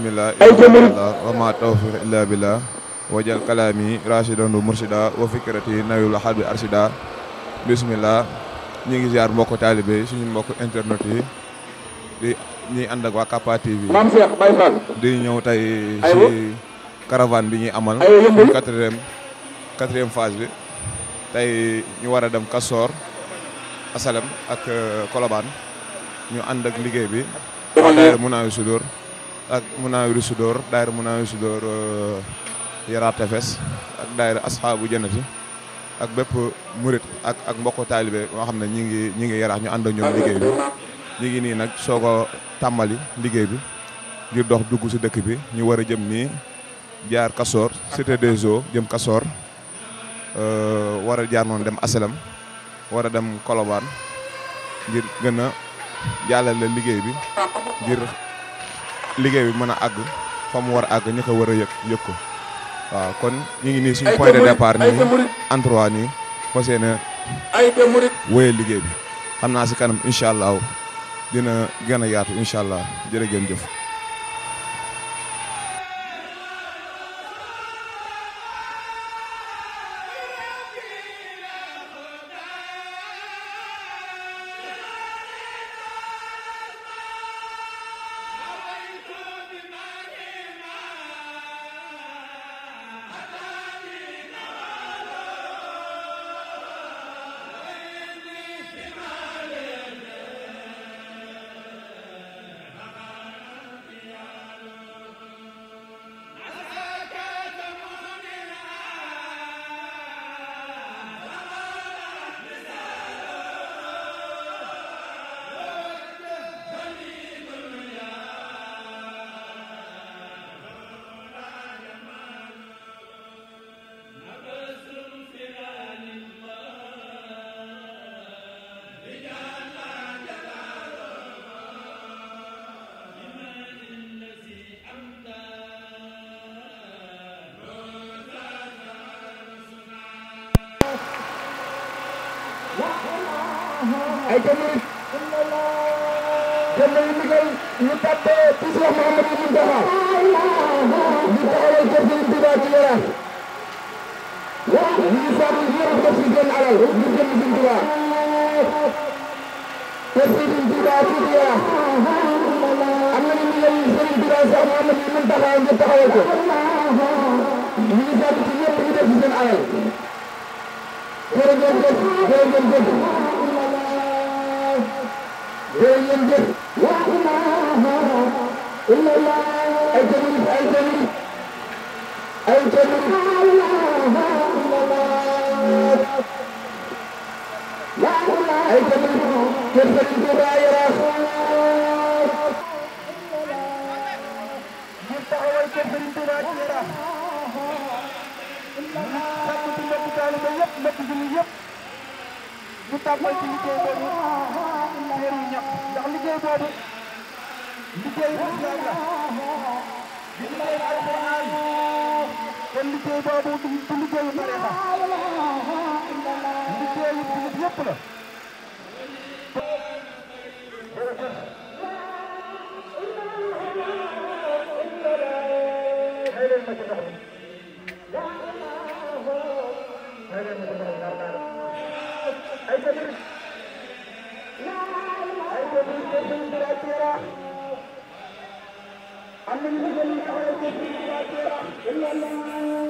bismillah ay jëmëri wa ma tawfiq illa billah wajal kalaami rashidan mursida wa fikrati nawil ahad bi arsida bismillah ñu ngi ziar mbokk taalibe suñu mbokk internet yi di ñuy ànd ak waa Capa TV di ñëw tey si caravane bi ñuy amal quatrième phase bi tey ñu war a dem Kastoor Asalem ak Kolobaan euh, ñu ànd ak liggéey bi mun naa sudur ak Munaawiru Sudoor daayira Munaawiru Sudoor euh, Yara Tefes ak daayira Asxaabu Jannati ak bépp murit ak ak mbokku taalibe moo xam ne ñi ngi ñi ngi yaraax ñu ànd ak ñoom liggéey bi ñi ngi nii nag soo ko tàmbali liggéey bi ngir dox dugg si dëkk bi ñu war a jëm nii jaar Kasoor Cité des Eaux jëm Kasoor euh, war a jaar noonu dem Asalam war a dem Kolobaan ngir gën a jàllale liggéey bi liggéey bi mën a àgg fa mu war a àgg ñi ko war a yëg yëg ko waaw kon ñu ngi nii suñu point de départ nii entre nii fas yéene liggéey bi xam naa si kanam incha allah dina gën a yaatu incha allah jërë ngeen jëf ay tamit dem nañu ndigal ñu tàbbee ci Cheikh Mouhamadou Mountakha ñu taxawal ko fi Tuuba ci Yarax ñu saabu yëpp ko ci seen alal ñu jëm ci Tuuba te Sëriñ Tuuba ci Yarax am na ndigal Sëriñ Tuuba Cheikh Mouhamadou Mountakha ñu taxawal ko ñu saabu ci yëpp ñu def ci seen alal jërëjëf jërëjëf منزل لا إله إلا الله الجليل الجليل الجليل لا إله إلا الله لا إله الجليل كيف الجبائر يب ñu tàmbal ci liggéey boobu teeru ñàkk ndax liggéey boobu liggéey bu islam la di liggéey alquran kon liggéey boobu du liggéeyu tarixa liggéeyu jullit yëpp la Allah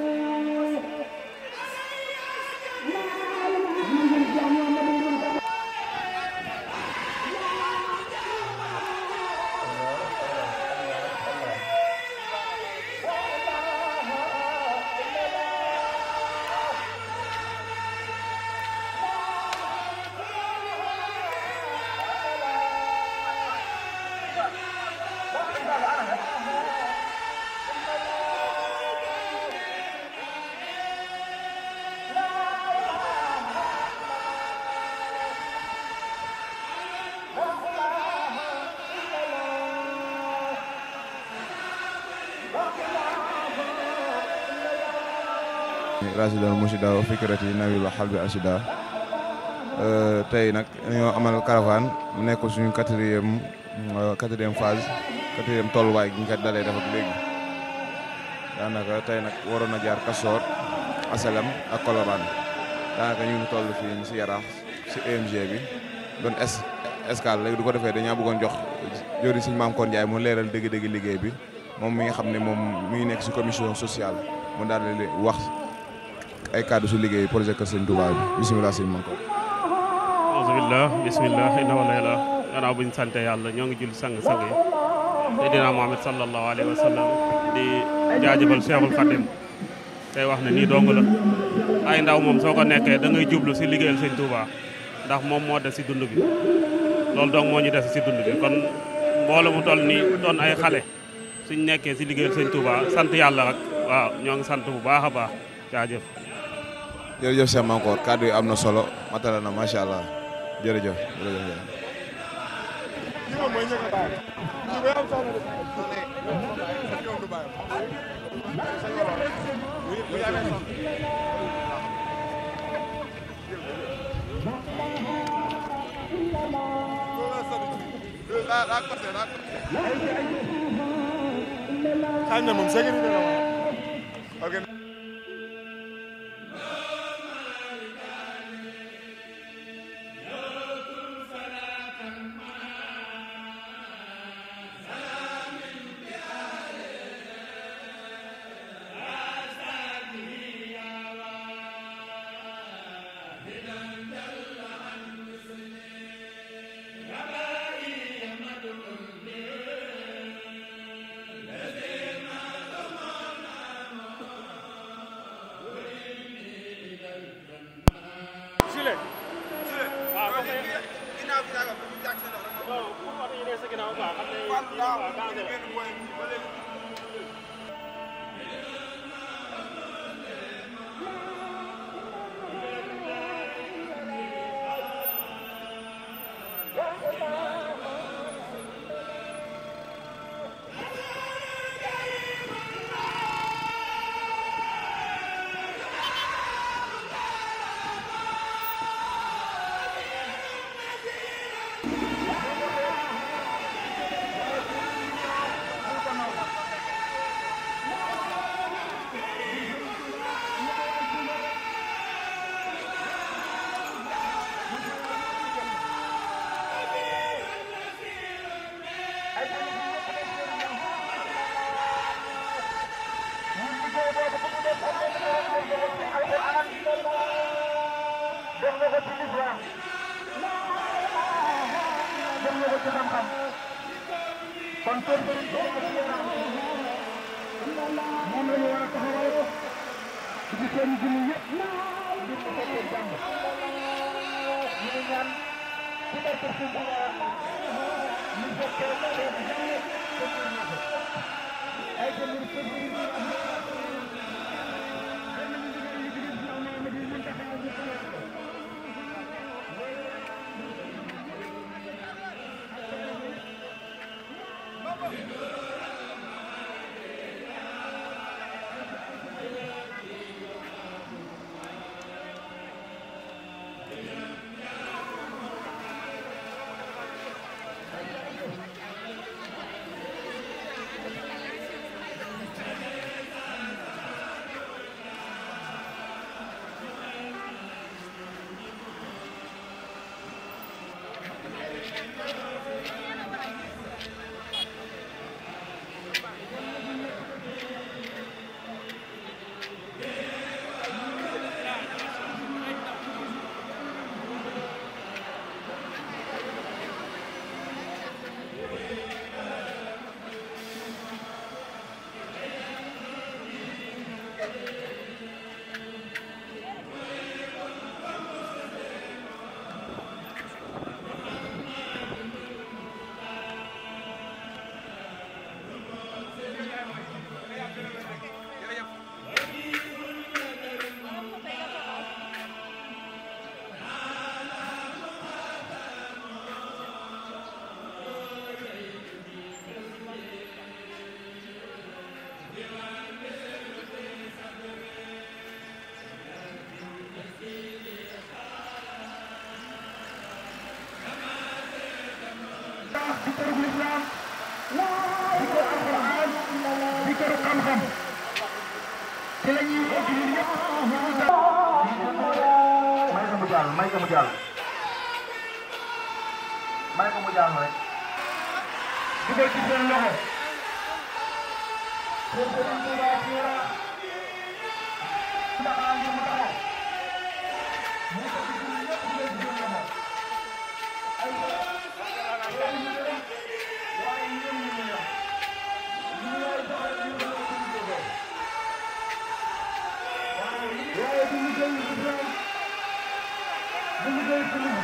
rasida mursida wa fikrati nawi wa xalbi asida eh, tey nag ñoo amal karavan, mu nekk suñu quatrième euh, quatrième phase quatrième tolluwaay gi ñu ko dalee def ak léegi daanaka tey nag waroon na jaar Kastoor Asalam ak Colobane daanaka ñu ngi toll fii si Yaraax si EMG bi doon es escale léegi du jok defee dañaa bëggoon jox jori suñu maam Koon Njaay mu leeral dëgg-dëgg liggéey bi moom mi nga xam ne moom mi ngi ay cadre su liggéey projet Kër Sëñ Touba bi bisimilah sëñ Manko. alhamdulilah bisimilah inna wala gannaaw bu sant yàlla ñoo ngi julli sang-sang yi Seydina Muhammad sallallahu alayhi wa sallam di jaajëfal Cheikhul Khadim tey wax na ni dong la ay ndaw moom soo ko nekkee da ngay jublu si liggéeyal sëñ Touba ndax moom moo des si dund bi loolu dong moo ñu des si dund bi kon mbooloo mu toll nii doon ay xale suñ nekkee si liggéeyal sëñ Touba sant yàlla rek waaw ñoo ngi sant bu baax a baax jaajëf jërëjëf Cheikh Mankor kàddu yi am solo matala na macha allah jërëjëf jërëjëf. Annem, out. I found it. na ko ci xam-xam kon kër sëriñ moom la ñu war a taxawal ci seen julli yëpp ngir mu fekkee jàmm ñu ngi ñaan ci barke sëriñ ñu fekkee seen ay jëmir sëriñ Amen. dugal ci seen loxo pour que ñu mën a assuré ndax am na mu taxaw mu ko ci suñu ñëpp dugal ci seen loxo ay yéen ñu dem waaye yéen ñu ñu ñëw ñu ñëw doxal ñu doxal suñu jóge waaye waaye bu ñu jël bu ñu jël bu ñu jël suñu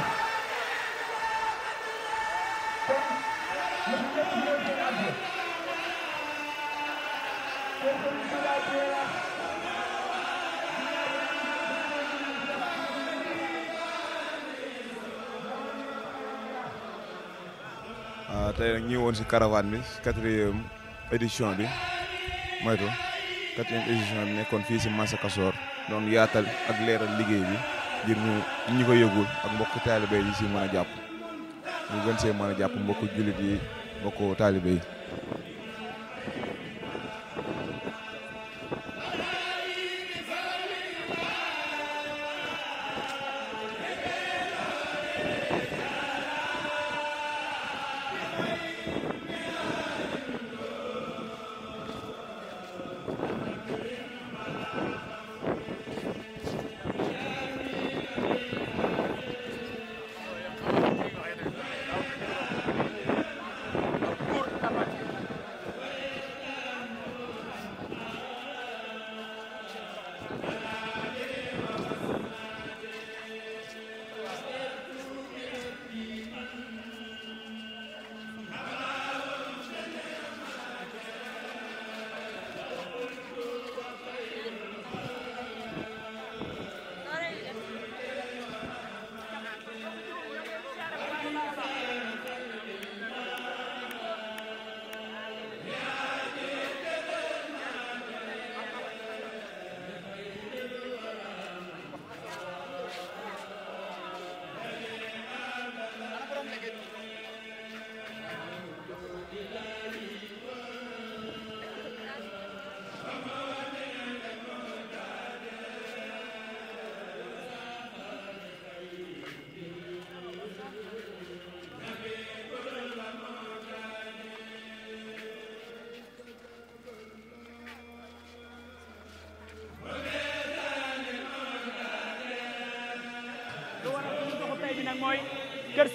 Ah, tey nag ñu woon si caravane bi quatrième édition bi moytu quatrième édition bi nekkoon fii si Massa Kassor doon yaatal ak leeral liggéey bi ngir ñu ñi ko yëgul ak mbokk taalibe yi si mën a jàpp ñu gën see mën a jàpp mbokk jullit yi mbokk taalibe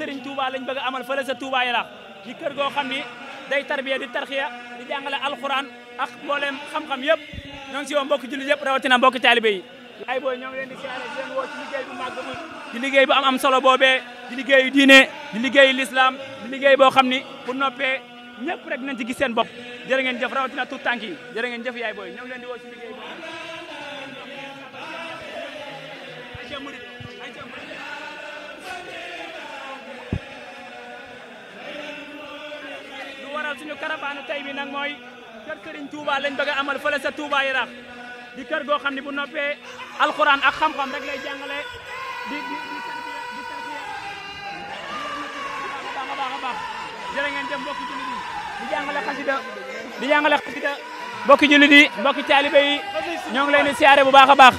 Serigne Touba lañ bëgg amal fële sa Touba Yaraax di kër goo xam ni day tarbiya di tarxiya di jàngale alxuraan ak mbooleem xam-xam yëpp ñoo si woo mbokki jullit yëpp rawatina mbokki taalibe yi ay booy ñoo ngi leen di siyaare di leen woo ci liggéey bu màgg bu di liggéey am am solo boobee di liggéeyu diine di liggéeyu lislaam di liggéey boo xam ni bu noppee ñëpp rek nañ ci gis seen bopp jërë ngeen jëf rawatina tuut tànk yi jërë ngeen jëf yaay booy ñoo waral suñu karabaanu tey bi nag mooy kër Serigne bëgg amal fële sa Touba Yaraax di goo xam ne bu noppee alxuraan ak xam-xam lay jàngale di di di tarbiya di tarbiya baax a a baax jërë ngeen jëf mbokki jullit xasida di xasida mbokki jullit yi mbokki taalibe yi ñoo ngi leen di siyaare bu baax a baax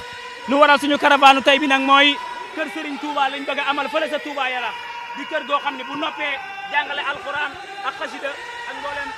lu waral suñu karabaanu tey bi nag mooy kër Serigne Touba lañ bëgg amal fële sa Touba di kër goo xam ne bu noppee jàngale alxuraan ak xasida ak mbooleem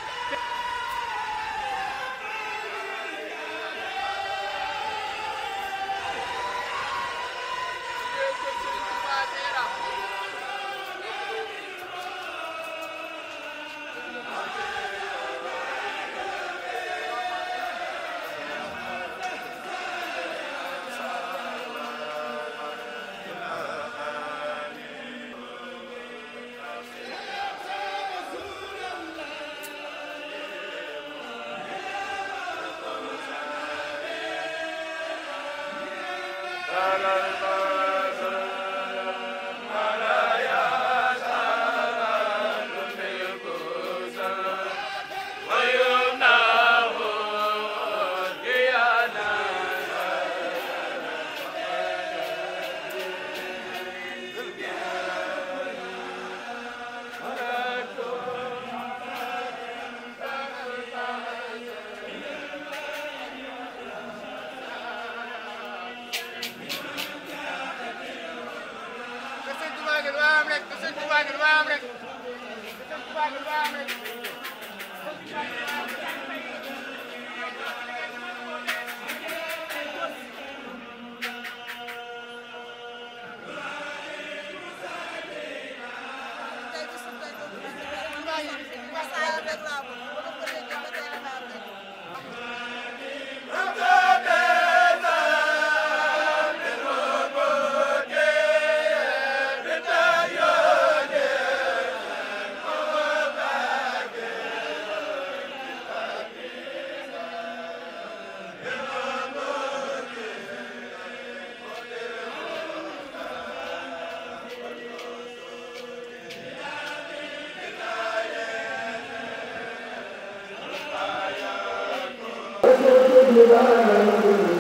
Thank you.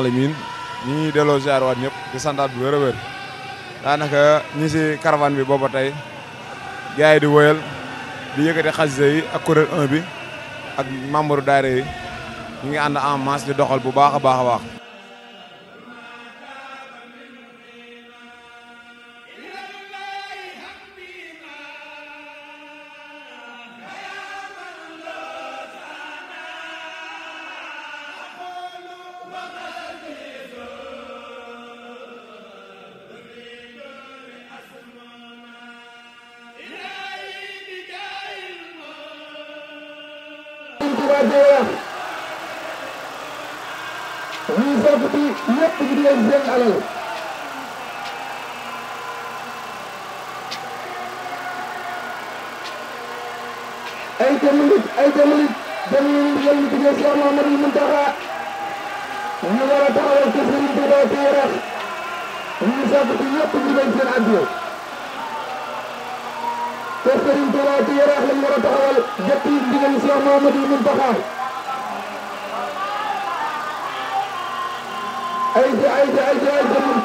alamin ñi ngi delloo ziar waat ñëpp di santaat bu wér wér daanaka ñi si caravane bi booba tey gars yi di woyal di yëkkati xasida yi ak kuréel 1 bi ak membre daara yi ñu ngi ànd en masse di doxal bu baax a baax ay tamit ay tamit dañuy yëngu ci des yow Mamadou Mountakha ñu war a taxawal ci seen Touba Tourex ñu sàkk ci ñëpp ñu bañ seen addiya te seen Touba Tourex lañ war a taxawal depuis ndigal si yow Mamadou Mountakha ay ay ay ay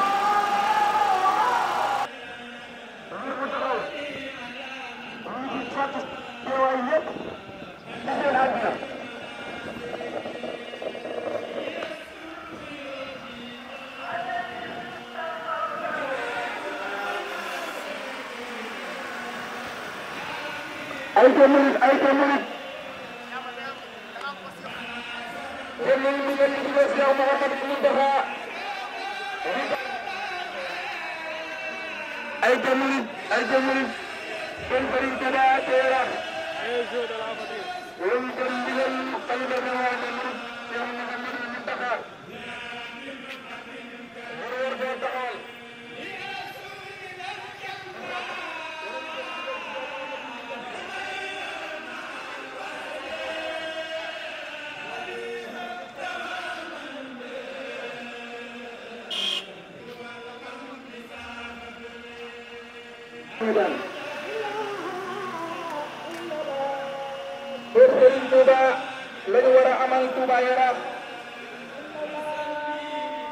waaye raam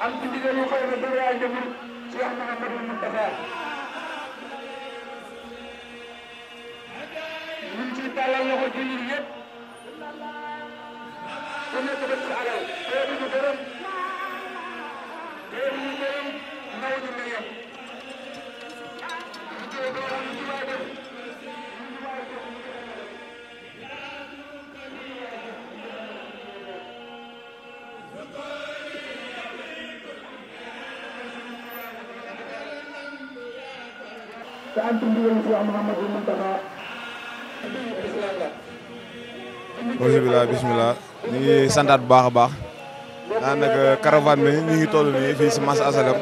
am ci ndigal yu koy am ci bisimilah ñu ngi santaat bu baax a baax daanaka caravane bi ñu ngi toll nii fii si Mass Asalem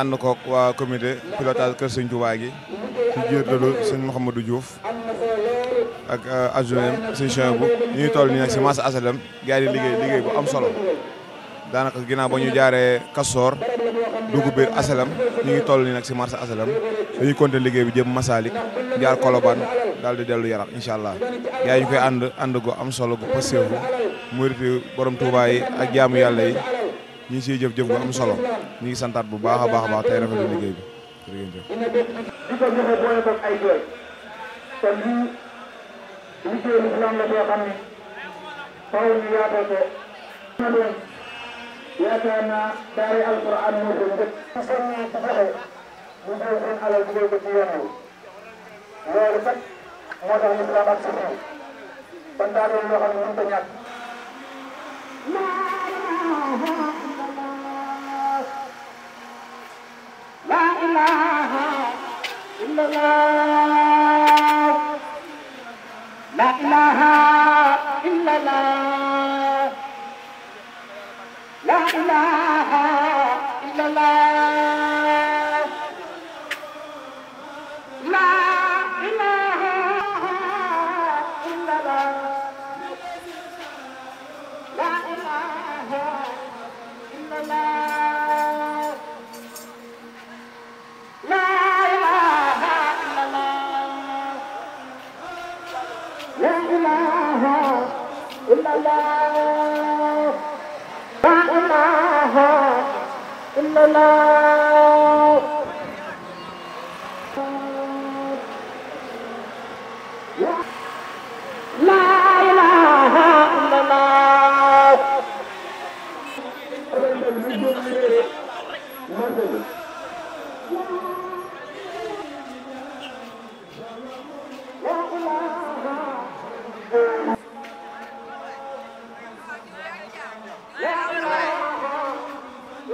ànd koog waa comité pilotage kër Sëñ Tuubaa gi ci jiitalu Sëñ Mouhamadou Diouf ak euh, adjoint Sëñ Chouaïbou ñu ngi toll ni nag si Mass Asalem gars liggéey liggéey bu am solo daanaka ginnaaw ba ñu jaaree Kastoor dugu bir asalam ñu ngi toll ni nak ci marché asalam dañuy konté liggéey bi jëm Masalik jaar Koloban dal di delu Yarax inshallah allah ñu koy and and go am solo go pasteefu muriti borom Touba yi ak jaamu yalla yi ñi ci jëf-jëf gu am solo ñi ngi santat bu baaxa baaxa baax tay rafa tey rafetlu liggéey bi jërëjëf di ko joxe boole ay jooy kon lii liggéey lislaam la boo xam ne ñu yaatal ko yaakaar naa daari alquran moo ko njëkk. ci seen ñi ci joxe ñu jël seen alal dugal ko ci yoon wi loolu kat moo tax ñu xalaat si fii a Bye.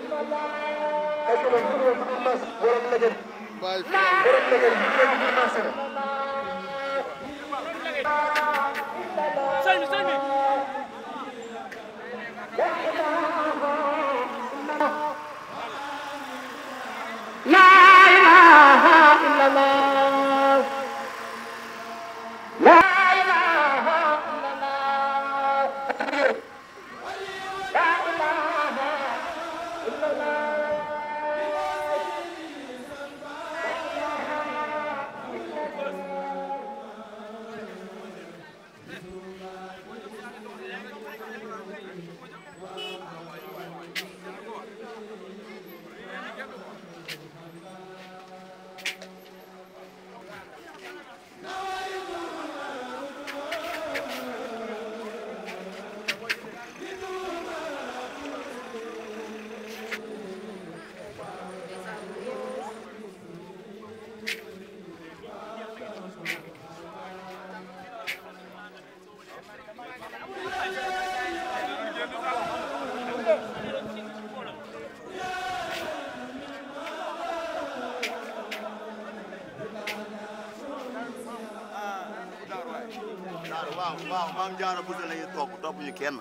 est-ce que loolu mënuloo mënul mas borom lëgën. borom lëgën bi ñu ngi mas na. La ilaha illallah pequena.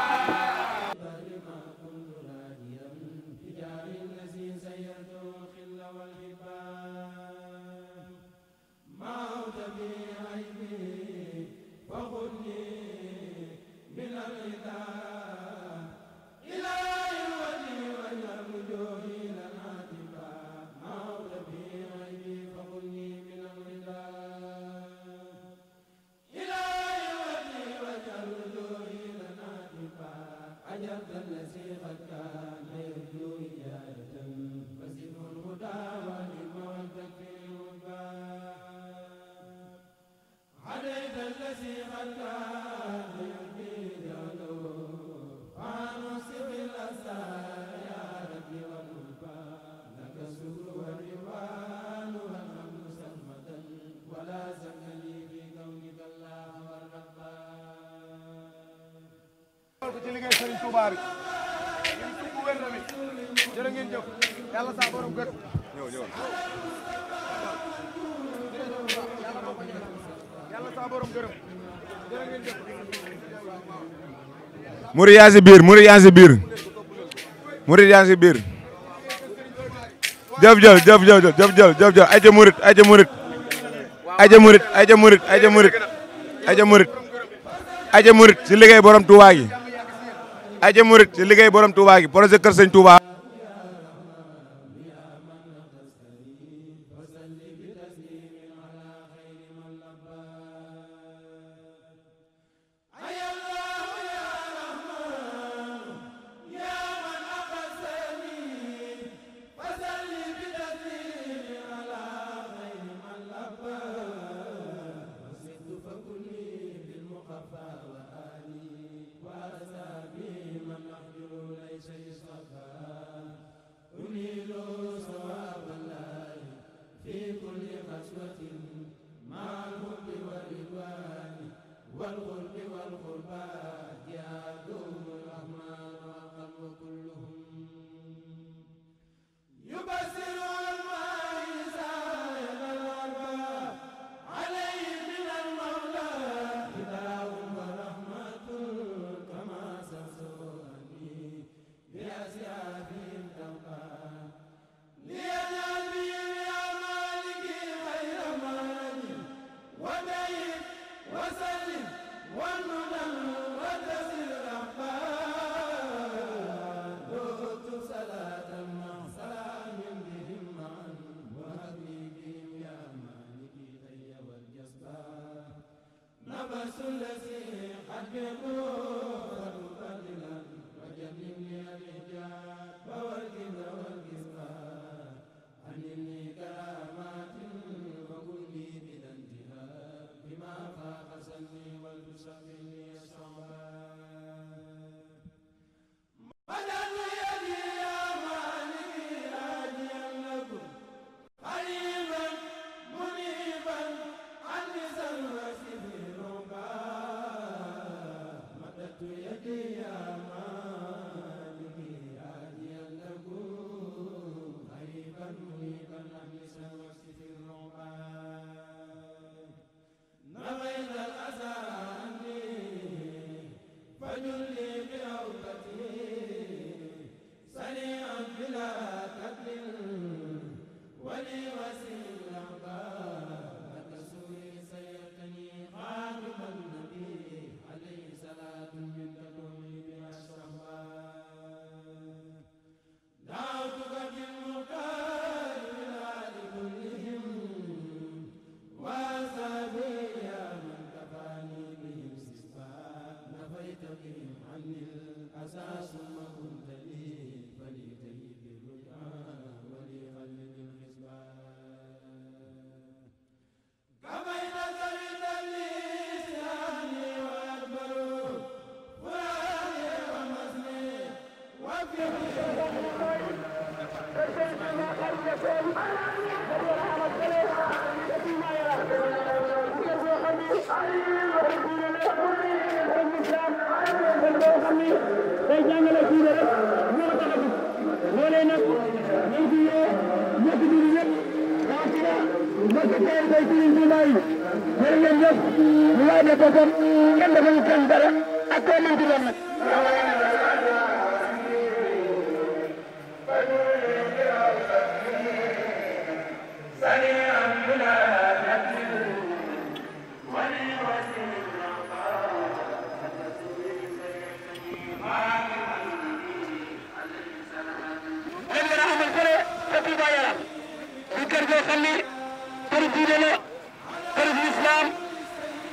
ولا زمن لي في كونك الله والربا ci liggéey Serigne Touba bi ngeen tukku wér tamit jërë ngeen jëf yàlla sa borom gët ñëw ñëw yàlla sa borom gërëm jërë ngeen jëf murid yaa si biir murid yaa si biir murid yaa si biir jëf jëf jëf jëf jëf jëf jëf ay ca murid ay ca murid aja murit aja murit aja murit aja murit aja murit si liggéey borom Touba gi aja murit si liggéey borom Touba gi projet Kër Sëñ Touba والغر والقربان يا دور सर्वे वदु सविनय सम्भव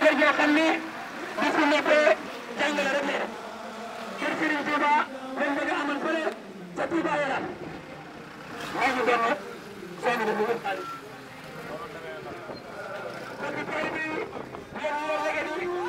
kër goo xam ni bis bu noppee jàngale rek la kër Serigne Touba lañ bëgg a amal fële ca Touba Yarax maa ngi doon seen bu wër xaalis. parce que tey bii yéen ñoo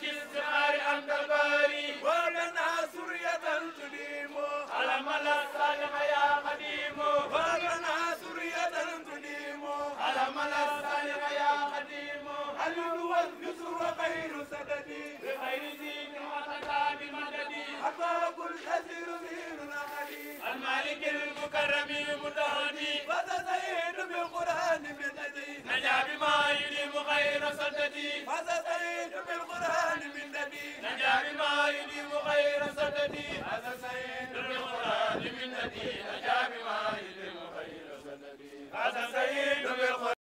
سنة الزهار أنت الباري ولنا سرية تديم على ملا الصالح يا قديم ولنا سرية تديم على ملا الذل والجسر وخير سددي بخير المالك المكرم متهدي نجا بما يديم خير سددي فسسيد بالقرآن مددي نجا بما يديم خير سددي فسسيد بالقرآن مددي نجا بما يديم خير سددي هذا سيد بالقرآن